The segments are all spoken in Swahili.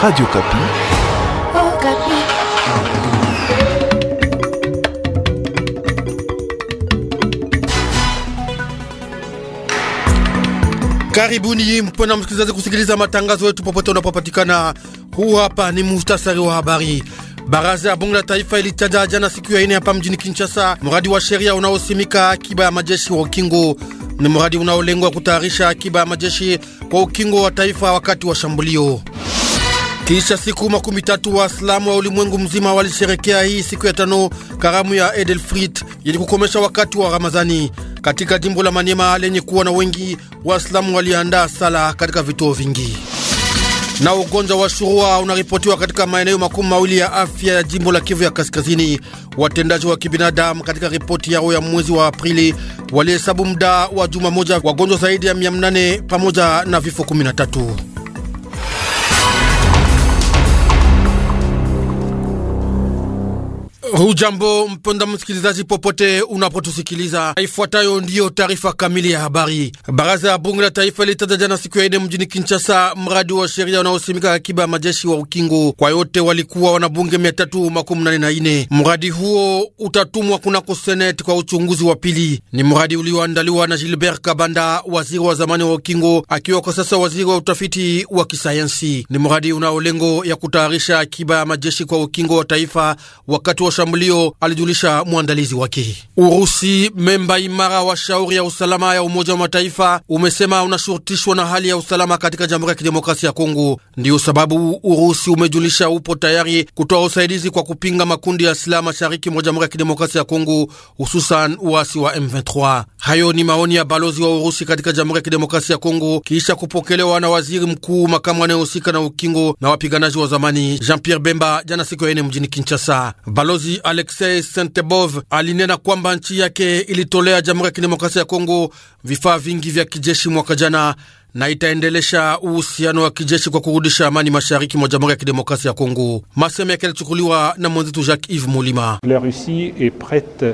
Radio Kapi. Oh, Kapi. Karibuni mpena msikilizaji kusikiliza matangazo yetu popote unapopatikana. Huu hapa ni muhtasari wa habari. Baraza ya bunge la taifa ilitaja jana siku ya ine hapa mjini Kinshasa mradi wa sheria unaosimika akiba ya majeshi wa ukingo. Ni mradi unaolengwa kutayarisha akiba ya majeshi kwa ukingo wa taifa wakati wa shambulio. Kisha siku makumi tatu Waislamu wa ulimwengu mzima walisherekea hii siku ya tano karamu ya Edelfrit ili kukomesha wakati wa Ramazani. Katika jimbo la manema lenye kuwa na wengi Waislamu waliandaa sala katika vituo vingi. Na ugonjwa wa shurua unaripotiwa katika maeneo makumi mawili ya afya ya jimbo la Kivu ya Kaskazini. Watendaji wa kibinadamu katika ripoti yao ya mwezi wa Aprili walihesabu muda wa juma moja wagonjwa zaidi ya 800 pamoja na vifo 13. Hujambo mpenda msikilizaji, popote unapotusikiliza, ifuatayo ndiyo taarifa kamili ya habari. Baraza ya bunge la taifa ilitaja jana siku ya ine mjini Kinshasa mradi wa sheria unaosimika akiba ya majeshi wa ukingo kwa yote walikuwa wanabunge 384. Mradi huo utatumwa kunako seneti kwa uchunguzi wa pili. Ni mradi ulioandaliwa na Gilbert Kabanda, waziri wa zamani wa ukingo, akiwa kwa sasa waziri wa utafiti wa kisayansi. Ni mradi unao lengo ya kutayarisha akiba ya majeshi kwa ukingo wa taifa wakati wa mashambulio, alijulisha mwandalizi wake. Urusi, memba imara wa shauri ya usalama ya Umoja wa Mataifa, umesema unashurutishwa na hali ya usalama katika Jamhuri ya Kidemokrasia ya Kongo. Ndiyo sababu Urusi umejulisha upo tayari kutoa usaidizi kwa kupinga makundi ya silaha mashariki mwa Jamhuri ya Kidemokrasia ya Kongo, hususan uasi wa M23. Hayo ni maoni ya balozi wa Urusi katika Jamhuri ya Kidemokrasia ya Kongo kisha kupokelewa na waziri mkuu makamu anayehusika na ukingo na wapiganaji wa zamani Jean Pierre Bemba jana siku ya ine mjini Kinshasa. Balozi kazi Alexei Sentebov alinena kwamba nchi yake ilitolea Jamhuri ya Kidemokrasia ya Kongo vifaa vingi vya kijeshi mwaka jana na itaendelesha uhusiano wa kijeshi kwa kurudisha amani mashariki mwa Jamhuri ya Kidemokrasia ya Kongo. Maseme yake yalichukuliwa na mwenzetu Jacques Yves Mulima. La Russie est prête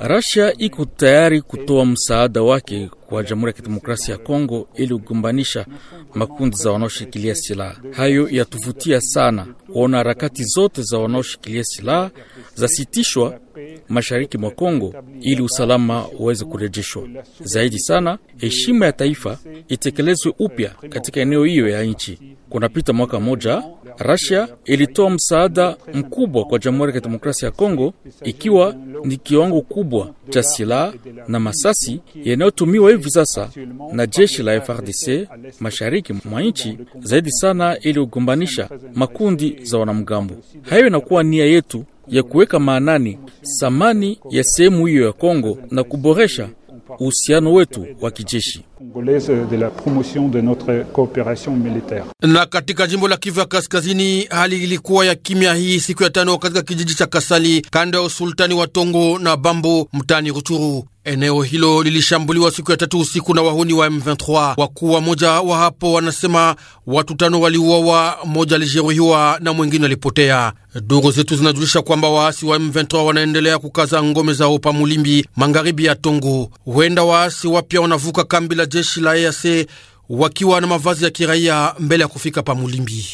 Russia iko tayari kutoa msaada wake kwa Jamhuri ya Kidemokrasia ya Kongo ili kugombanisha makundi za wanaoshikilia silaha. Hayo yatuvutia sana kuona harakati zote za wanaoshikilia silaha zasitishwa mashariki mwa Kongo ili usalama uweze kurejeshwa. Zaidi sana, heshima ya taifa itekelezwe upya katika eneo hiyo ya nchi. Kunapita mwaka moja, Russia ilitoa msaada mkubwa kwa Jamhuri ya Kidemokrasia ya Kongo, ikiwa ni kiwango kubwa cha silaha na masasi yanayotumiwa hivi sasa na jeshi la FRDC mashariki mwa nchi, zaidi sana ili kugombanisha makundi za wanamgambo. Hayo inakuwa nia yetu ya kuweka maanani thamani ya sehemu hiyo ya Kongo na kuboresha uhusiano wetu wa kijeshi. Na katika jimbo la Kivu ya Kaskazini, hali ilikuwa ya kimya hii siku ya tano katika kijiji cha Kasali, kando ya usultani wa Tongo na Bambo, mtani Ruchuru. Eneo hilo lilishambuliwa siku ya tatu usiku na wahuni wa M23. Wakuu wa moja wa hapo wanasema watu tano waliuawa, moja alijeruhiwa na mwingine alipotea. Duru zetu zinajulisha kwamba waasi wa M23 wanaendelea kukaza ngome zao pa Mulimbi, magharibi ya Tongo. Huenda waasi wapya wanavuka kambi la jeshi la EAC wakiwa na mavazi ya kiraia mbele ya kufika pa Mulimbi.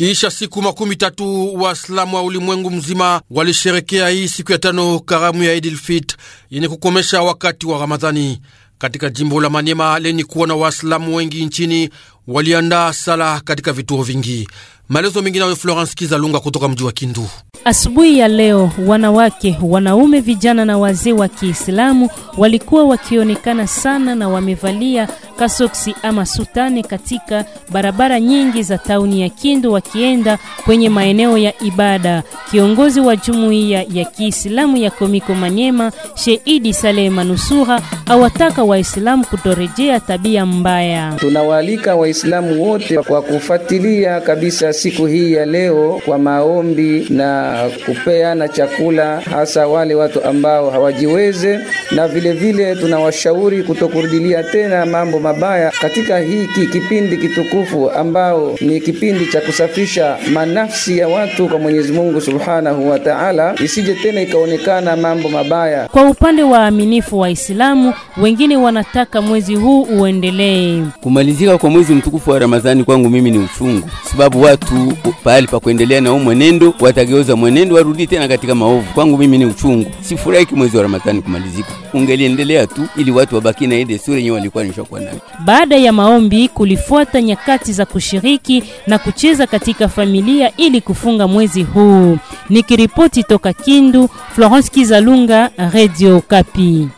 Kisha siku makumi tatu Waislamu wa ulimwengu mzima walisherekea hii siku ya tano karamu ya Idilfit yenye kukomesha wakati wa Ramadhani katika jimbo la manema lenye kuwa na Waislamu wengi nchini, waliandaa sala katika vituo vingi. Maelezo mengine nayo Florence Kizalunga kutoka mji wa Kindu. Asubuhi ya leo wanawake, wanaume, vijana na wazee wa Kiislamu walikuwa wakionekana sana na wamevalia kasoksi ama sutane katika barabara nyingi za tauni ya Kindu wakienda kwenye maeneo ya ibada. Kiongozi wa jumuiya ya Kiislamu ya Komiko Manyema, Sheidi Saleh Manusura, awataka Waislamu kutorejea tabia mbaya. Tunawaalika Waislamu wote kwa kufuatilia kabisa siku hii ya leo kwa maombi na kupeana chakula, hasa wale watu ambao hawajiweze, na vilevile tunawashauri kutokurudilia tena mambo mabaya katika hiki kipindi kitukufu ambao ni kipindi cha kusafisha manafsi ya watu kwa Mwenyezi Mungu Subhanahu wa Ta'ala, isije tena ikaonekana mambo mabaya. Kwa upande wa aminifu Waislamu wengine wanataka mwezi huu uendelee. Kumalizika kwa mwezi mtukufu wa Ramadhani kwangu mimi ni uchungu, sababu watu watu pahali pa kuendelea na mwenendo, watageuza mwenendo, warudi tena katika maovu. Kwangu mimi ni uchungu, sifurahi mwezi wa Ramadhani kumalizika. Ungeliendelea tu ili watu wabaki na ile sura yenyewe walikuwa nishakuwa nayo. Baada ya maombi, kulifuata nyakati za kushiriki na kucheza katika familia ili kufunga mwezi huu. Nikiripoti toka Kindu, Florence Kizalunga, Radio Kapi.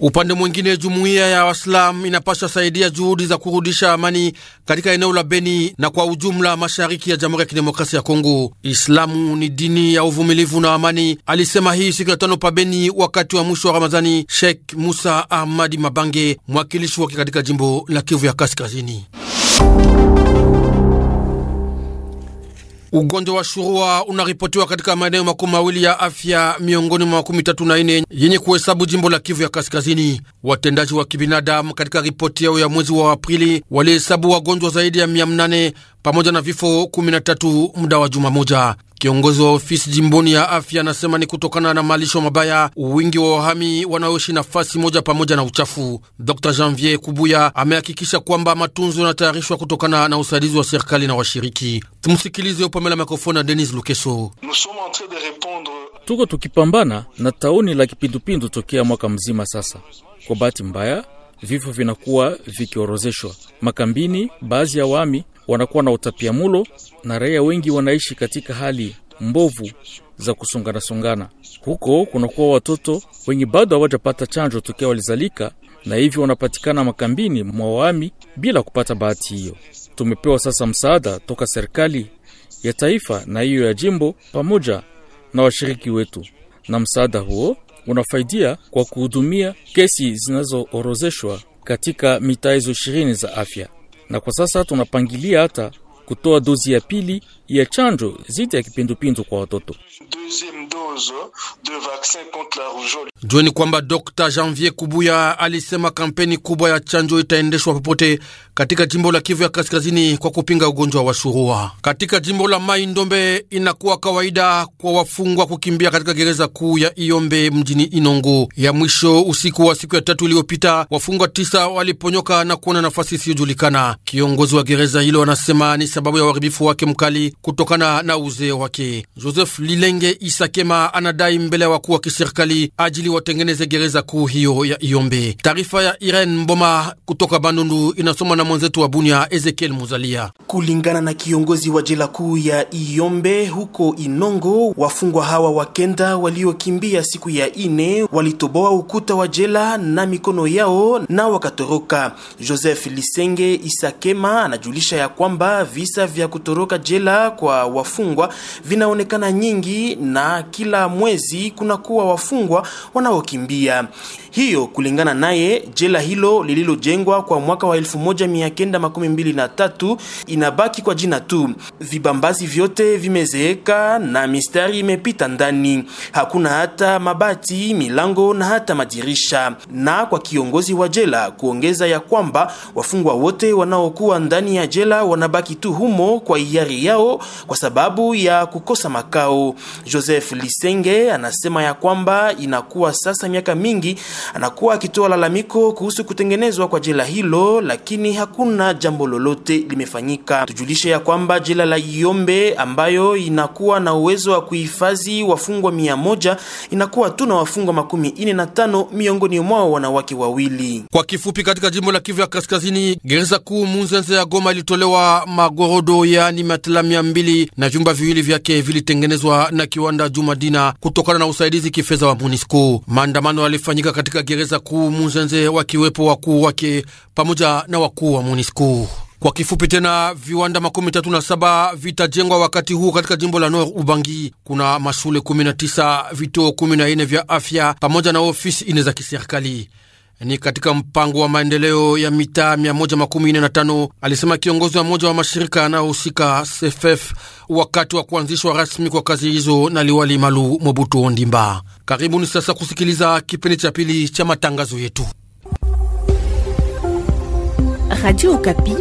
Upande mwingine, jumuiya ya Waislam inapasha saidia juhudi za kurudisha amani katika eneo la Beni na kwa ujumla mashariki ya Jamhuri ya Kidemokrasia ya Kongo. Islamu ni dini ya uvumilivu na amani, alisema hii siku ya tano pa Beni wakati wa mwisho wa Ramadhani Sheikh Musa Ahmadi Mabange, mwakilishi wake katika jimbo la Kivu ya Kaskazini. Ugonjwa wa shurua unaripotiwa katika maeneo makumi mawili ya afya miongoni mwa makumi tatu na ine yenye kuhesabu jimbo la Kivu ya Kaskazini. Watendaji wa kibinadamu katika ripoti yao ya mwezi wa Aprili walihesabu wagonjwa zaidi ya mia mnane pamoja na vifo kumi na tatu muda wa juma moja. Kiongozi wa ofisi jimboni ya afya anasema ni kutokana na malisho mabaya, wingi wa wahami wanaoishi nafasi moja pamoja na uchafu. Dr Janvier Kubuya amehakikisha kwamba matunzo yanatayarishwa kutokana na usaidizi wa serikali na washiriki. Tumsikilize upamela mikrofoni na Denis Lukeso. Tuko tukipambana na tauni la kipindupindu tokea mwaka mzima sasa. Kwa bahati mbaya vifo vinakuwa vikiorozeshwa makambini. Baadhi ya wami wanakuwa na utapia mulo na raia wengi wanaishi katika hali mbovu za kusonganasongana. Huko kunakuwa watoto wenye bado hawajapata chanjo tokea walizalika, na hivyo wanapatikana makambini mwa waami bila kupata bahati hiyo. Tumepewa sasa msaada toka serikali ya taifa na hiyo ya jimbo pamoja na washiriki wetu, na msaada huo unafaidia kwa kuhudumia kesi zinazoorozeshwa katika mitaa hizo ishirini za afya, na kwa sasa tunapangilia hata kutoa dozi ya pili ya chanjo zidi ya kipindupindu kwa watoto. Jueni kwamba Dr. Janvier Kubuya alisema kampeni kubwa ya chanjo itaendeshwa popote katika jimbo la Kivu ya Kaskazini kwa kupinga ugonjwa wa shurua. Katika jimbo la Mai Ndombe inakuwa kawaida kwa wafungwa kukimbia katika gereza kuu ya Iombe mjini Inongo. Ya mwisho usiku wa siku ya tatu iliyopita, wafungwa tisa waliponyoka na kuona nafasi isiyojulikana. Kiongozi wa gereza hilo anasema ni sababu ya uharibifu wake mkali kutokana na uzee wake. Joseph Lilenge Isakema anadai mbele ya wakuu wa kiserikali ajili watengeneze gereza kuu hiyo ya Iombe. Taarifa ya Irene Mboma kutoka Bandundu inasoma na mwenzetu wa Bunia Ezekiel Muzalia. Kulingana na kiongozi wa jela kuu ya Iombe huko Inongo, wafungwa hawa wakenda waliokimbia siku ya ine walitoboa ukuta wa jela na mikono yao na wakatoroka. Joseph Lisenge Isakema anajulisha ya kwamba visa vya kutoroka jela kwa wafungwa vinaonekana nyingi na kila mwezi kunakuwa wafungwa wanaokimbia. Hiyo kulingana naye, jela hilo lililojengwa kwa mwaka wa 1923 inabaki kwa jina tu. Vibambazi vyote vimezeeka na mistari imepita ndani, hakuna hata mabati, milango na hata madirisha. Na kwa kiongozi wa jela kuongeza ya kwamba wafungwa wote wanaokuwa ndani ya jela wanabaki tu humo kwa hiari yao kwa sababu ya kukosa makao. Joseph Lisenge anasema ya kwamba inakuwa sasa miaka mingi anakuwa akitoa lalamiko kuhusu kutengenezwa kwa jela hilo, lakini hakuna jambo lolote limefanyika. Tujulishe ya kwamba jela la Iombe ambayo inakuwa na uwezo wa kuhifadhi wafungwa mia moja inakuwa tu na wafungwa makumi ine na tano miongoni mwao wanawake wawili. Kwa kifupi, katika jimbo la Kivu ya Kaskazini, gereza kuu Munzenze ya Goma ilitolewa magorodo yaani matelamia mbili na vyumba viwili vyake vilitengenezwa na kiwanda Jumadina kutokana na usaidizi kifedha wa MONUSCO. Maandamano yalifanyika katika gereza kuu Munzenze, wakiwepo wakuu wake pamoja na wakuu wa MONUSCO. Kwa kifupi tena, viwanda makumi tatu na saba vitajengwa wakati huu katika jimbo la Nord Ubangi. Kuna mashule 19, vituo 14 vya afya pamoja na ofisi ine za kiserikali ni katika mpango wa maendeleo ya mitaa 145, alisema kiongozi wa moja wa mashirika anayohusika SFF wakati wa kuanzishwa rasmi kwa kazi hizo na liwali Malu Mobutu Ondimba. Karibuni sasa kusikiliza kipindi cha pili cha matangazo yetu Radio Okapi,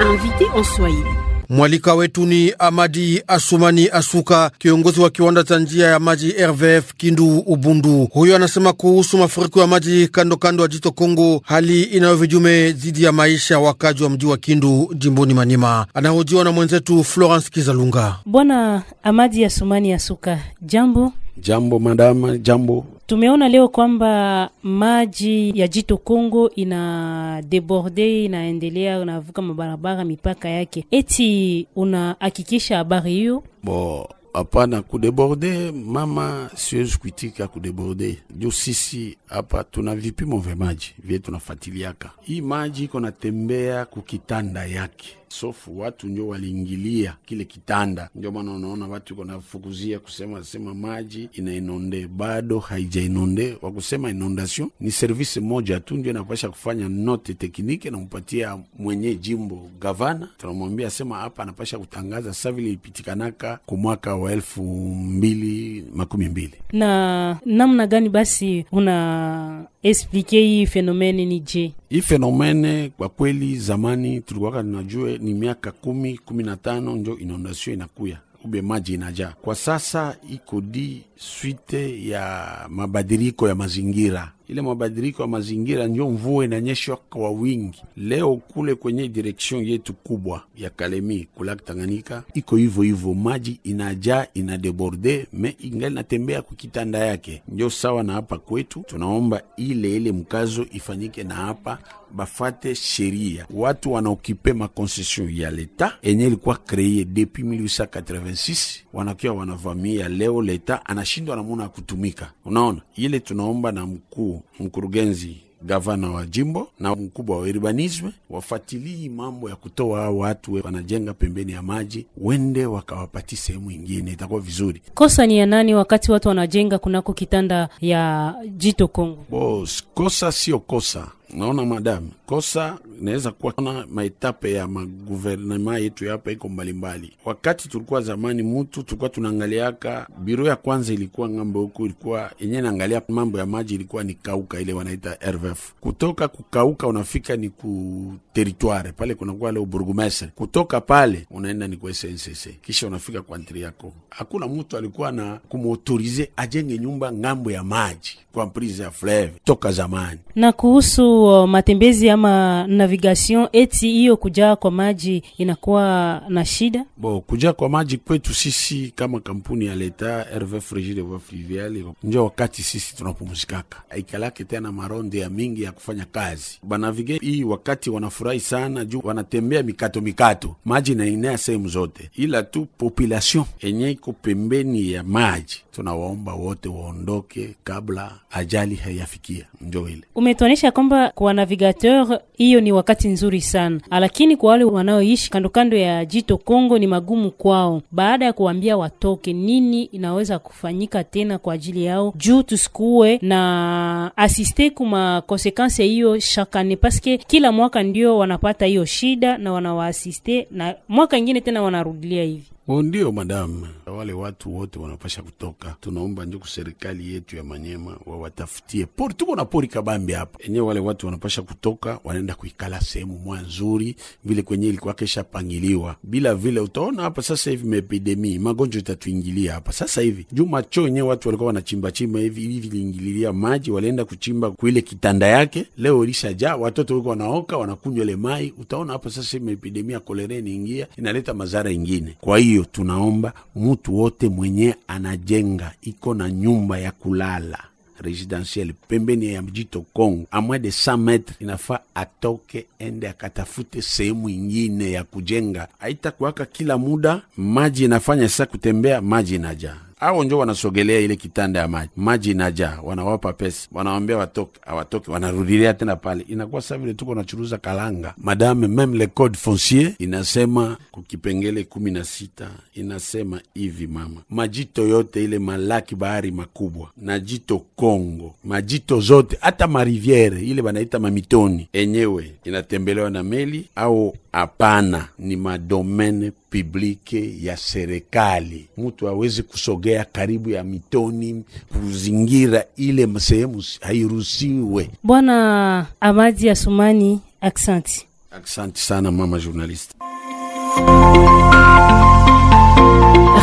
invité en Swahili. Mwalika wetu ni Amadi Asumani Asuka, kiongozi wa kiwanda cha njia ya maji RVF Kindu Ubundu. Huyo anasema kuhusu mafuriko ya maji kando kando ya jito Kongo, hali inayovijume dhidi ya maisha wakaji wa mji wa Kindu jimboni Manima. Anahojiwa na mwenzetu Florence Kizalunga. Bwana Amadi Asumani Asuka, jambo. Jambo madama, jambo. Tumeona leo kwamba maji ya jito Kongo ina deborde, inaendelea, unavuka mabarabara mipaka yake. Eti unahakikisha habari hiyo bo? Hapana, kudeborde mama, siwezi kuitika kudeborde juu sisi hapa tuna vipimo vya maji vye tunafatiliaka. Hii maji iko natembea kukitanda yake sofu watu njo waliingilia kile kitanda, ndio maana unaona watu konafukuzia kusema sema maji inainonde, bado haijainonde. Wakusema inondation ni service moja tu ndio inapasha kufanya note teknike, nampatia mwenye jimbo gavana, tunamwambia sema hapa anapasha kutangaza sa vile ipitikanaka kwa mwaka wa elfu mbili makumi mbili na namna gani basi una explike hii fenomene ni je? Hii fenomene kwa kweli, zamani tulikuwaka tunajue ni miaka kumi kumi na tano njo inondasio inakuya ube maji inajaa. Kwa sasa iko di swite ya mabadiliko ya mazingira ile mabadiliko ya mazingira ndio mvua inanyeshwa kwa wingi. Leo kule kwenye direksion yetu kubwa ya Kalemi kulak Tanganyika iko hivyo hivyo, maji inajaa inadeborde, me ingali natembea kukitanda yake. Ndio sawa na hapa kwetu, tunaomba ile ile mkazo ifanyike na hapa bafate sheria watu wanaokipe makonsesion ya leta enye ilikuwa kreye depuis 1886 wanakia wanavamia. Leo leta anashindwa namuna ya kutumika. Unaona ile tunaomba na mkuu mkurugenzi gavana wa jimbo na mkubwa wa urbanisme wafatilii mambo ya kutoa hao watu wanajenga pembeni ya maji, wende wakawapati sehemu ingine, itakuwa vizuri. Kosa ni ya nani wakati watu wanajenga kunako kitanda ya jito Kongo? Bos, kosa sio kosa Naona madam, kosa inaweza kuwa na maetape ya maguvernema yetu yapa iko mbalimbali. Wakati tulikuwa zamani, mutu tulikuwa tunaangaliaka biro ya kwanza ilikuwa ngambo huku, ilikuwa yenye naangalia mambo ya maji, ilikuwa ni kauka, ile wanaita RVF. Kutoka kukauka unafika ni ku teritware pale, kunakuwa leo burgomestre. Kutoka pale unaenda ni kwa SNCC, kisha unafika kwa ntri yako. Hakuna mutu alikuwa na kumotorize ajenge nyumba ngambo ya maji kwa prise ya fleve toka zamani, na kuhusu matembezi ama navigation, eti hiyo kujaa kwa maji inakuwa na shida bo? Kujaa kwa maji kwetu sisi kama kampuni ya leta RV Frigide wa Fluvial, njo wakati sisi tunapumzikaka aikalake tena maronde ya mingi ya kufanya kazi. Banavige hii wakati wanafurahi sana juu wanatembea mikato mikato, maji nainea sehemu zote, ila tu population yenye iko pembeni ya maji tunawaomba wote waondoke kabla ajali hayafikia. Njo ile umetuonesha kwamba kwa navigateur hiyo ni wakati nzuri sana, lakini kwa wale wanaoishi kando kando ya jito Kongo ni magumu kwao. Baada ya kuambia watoke, nini inaweza kufanyika tena kwa ajili yao juu tusikue na asiste kuma konsekanse hiyo shakane, paske kila mwaka ndio wanapata hiyo shida na wanawaasiste, na mwaka ingine tena wanarudilia hivi. O, ndio madamu, wale watu wote wanapasha kutoka. Tunaomba njuku serikali yetu ya Manyema wawatafutie pori, tuko na pori kabambi hapa enyewe. Wale watu wanapasha kutoka, wanaenda kuikala sehemu mwa nzuri vile kwenye ilikuwa kesha pangiliwa, bila vile utaona hapa sasa hivi maepidemi magonjwa itatuingilia hapa sasa hivi. Juma cho enyewe watu walikuwa chimba hivi hivi, viliingililia maji, walienda kuchimba kuile kitanda yake, leo ilishajaa, watoto walikuwa wanaoka wanakunywa ile mai. Utaona hapa sasa hivi maepidemi ya kolera inaingia, inaleta madhara ingine, kwa hiyo hiyo tunaomba mutu wote mwenye anajenga iko na nyumba ya kulala residentiel pembeni ya mjito Kongo a moins de 100 metre, inafaa atoke ende akatafute sehemu ingine ya kujenga. Haitakuwaka kila muda maji inafanya sa kutembea maji inaja au njo wanasogelea ile kitanda ya maji, maji inaja, wanawapa pesa, wanawambia watoke, awatoke wanarudilia tena pale. Inakuwa savile vile tuko nachuruza kalanga, madame. Meme le code foncier inasema kukipengele kumi na sita inasema hivi mama, majito yote ile malaki bahari makubwa na jito Kongo, majito zote hata mariviere ile banaita mamitoni, enyewe inatembelewa na meli au Hapana, ni madomene publike ya serikali. Mtu awezi kusogea karibu ya mitoni, kuzingira ile sehemu hairuhusiwe. Bwana Amadi Asumani, aksanti, aksanti sana mama journalist.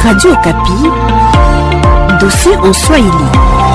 Radio Kapi, dosie en Swahili.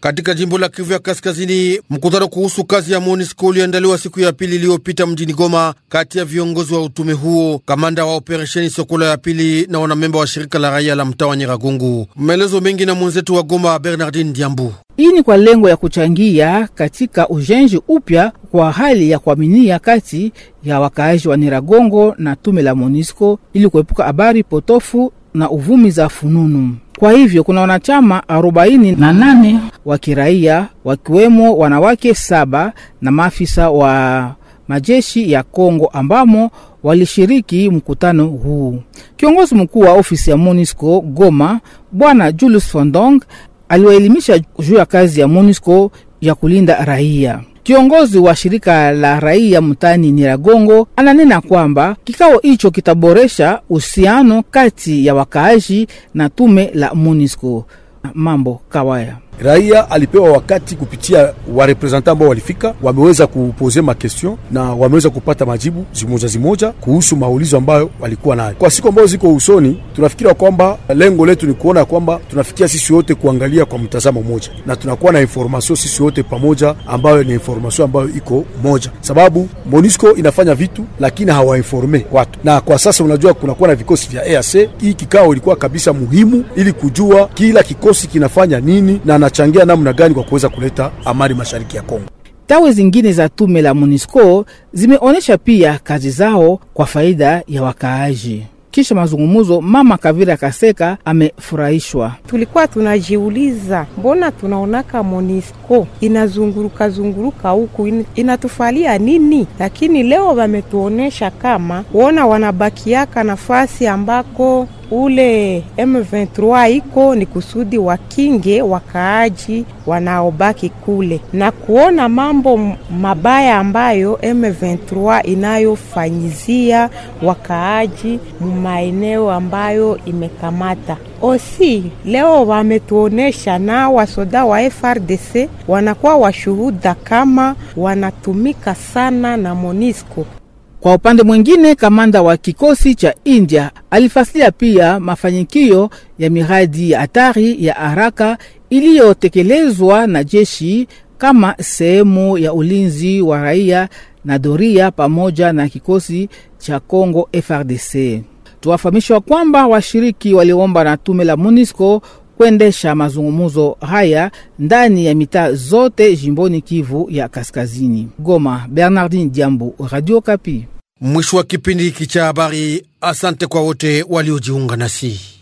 Katika jimbo la Kivu ya Kaskazini, mkutano kuhusu kazi ya MONUSCO uliandaliwa siku ya pili iliyopita mjini Goma, kati ya viongozi wa utume huo, kamanda wa operesheni Sokola ya pili na wanamemba wa shirika la raia la mtaa wa Nyiragongo. Maelezo mengi na mwenzetu wa Goma, Bernardin Diambu. Hii ni kwa lengo ya kuchangia katika ujenzi upya kwa hali ya kuaminia kati ya wakaaji wa Nyiragongo na tume la MONUSCO ili kuepuka habari potofu na uvumi za fununu. Kwa hivyo kuna wanachama arobaini na nane wa kiraia wakiwemo wanawake saba na maafisa wa majeshi ya Kongo ambamo walishiriki mkutano huu. Kiongozi mkuu wa ofisi ya MONUSCO Goma, Bwana Julius Fondong, aliwaelimisha juu ya kazi ya MONUSCO ya kulinda raia. Kiongozi wa shirika la raia mtaani Nyiragongo ananena kwamba kikao hicho kitaboresha uhusiano kati ya wakaaji na tume la MONUSCO. Mambo Kawaya raia alipewa wakati kupitia warepresentant ambao walifika, wameweza kupoze makestion na wameweza kupata majibu zimoja zimoja kuhusu maulizo ambayo walikuwa nayo kwa siku ambazo ziko usoni. Tunafikira kwamba lengo letu ni kuona kwamba tunafikia sisi wote kuangalia kwa mtazamo mmoja na tunakuwa na information sisi wote pamoja, ambayo ni information ambayo iko moja, sababu Monisco inafanya vitu lakini hawainforme watu, na kwa sasa unajua kunakuwa na vikosi vya EAC. Hii kikao ilikuwa kabisa muhimu ili kujua kila kikosi kinafanya nini na tunachangia namna gani kwa kuweza kuleta amani mashariki ya Kongo. Tawi zingine za tume la MONUSCO zimeonyesha pia kazi zao kwa faida ya wakaaji. Kisha mazungumuzo, mama Kavira Kaseka amefurahishwa. Tulikuwa tunajiuliza mbona tunaonaka Monisco inazunguruka zunguruka huku inatufalia nini, lakini leo wametuonesha kama wona wanabakiaka nafasi ambako ule M23 iko ni kusudi wakinge wakaaji wanaobaki kule na kuona mambo mabaya ambayo M23 inayofanyizia wakaaji mumaeneo ambayo imekamata osi. Leo wametuonesha na wasoda wa FRDC wanakuwa washuhuda kama wanatumika sana na Monisco kwa upande mwingine, kamanda wa kikosi cha India alifasilia pia mafanikio ya miradi ya hatari ya haraka iliyotekelezwa na jeshi kama sehemu ya ulinzi wa raia na doria pamoja na kikosi cha Kongo FRDC. Tuwafahamishwa kwamba washiriki waliomba na tume la MONUSCO kuendesha mazungumzo haya ndani ya mitaa zote jimboni Kivu ya Kaskazini. Goma, Bernardin Diambo, Radio Kapi. Mwisho wa kipindi hiki cha habari. Asante kwa wote waliojiunga nasi.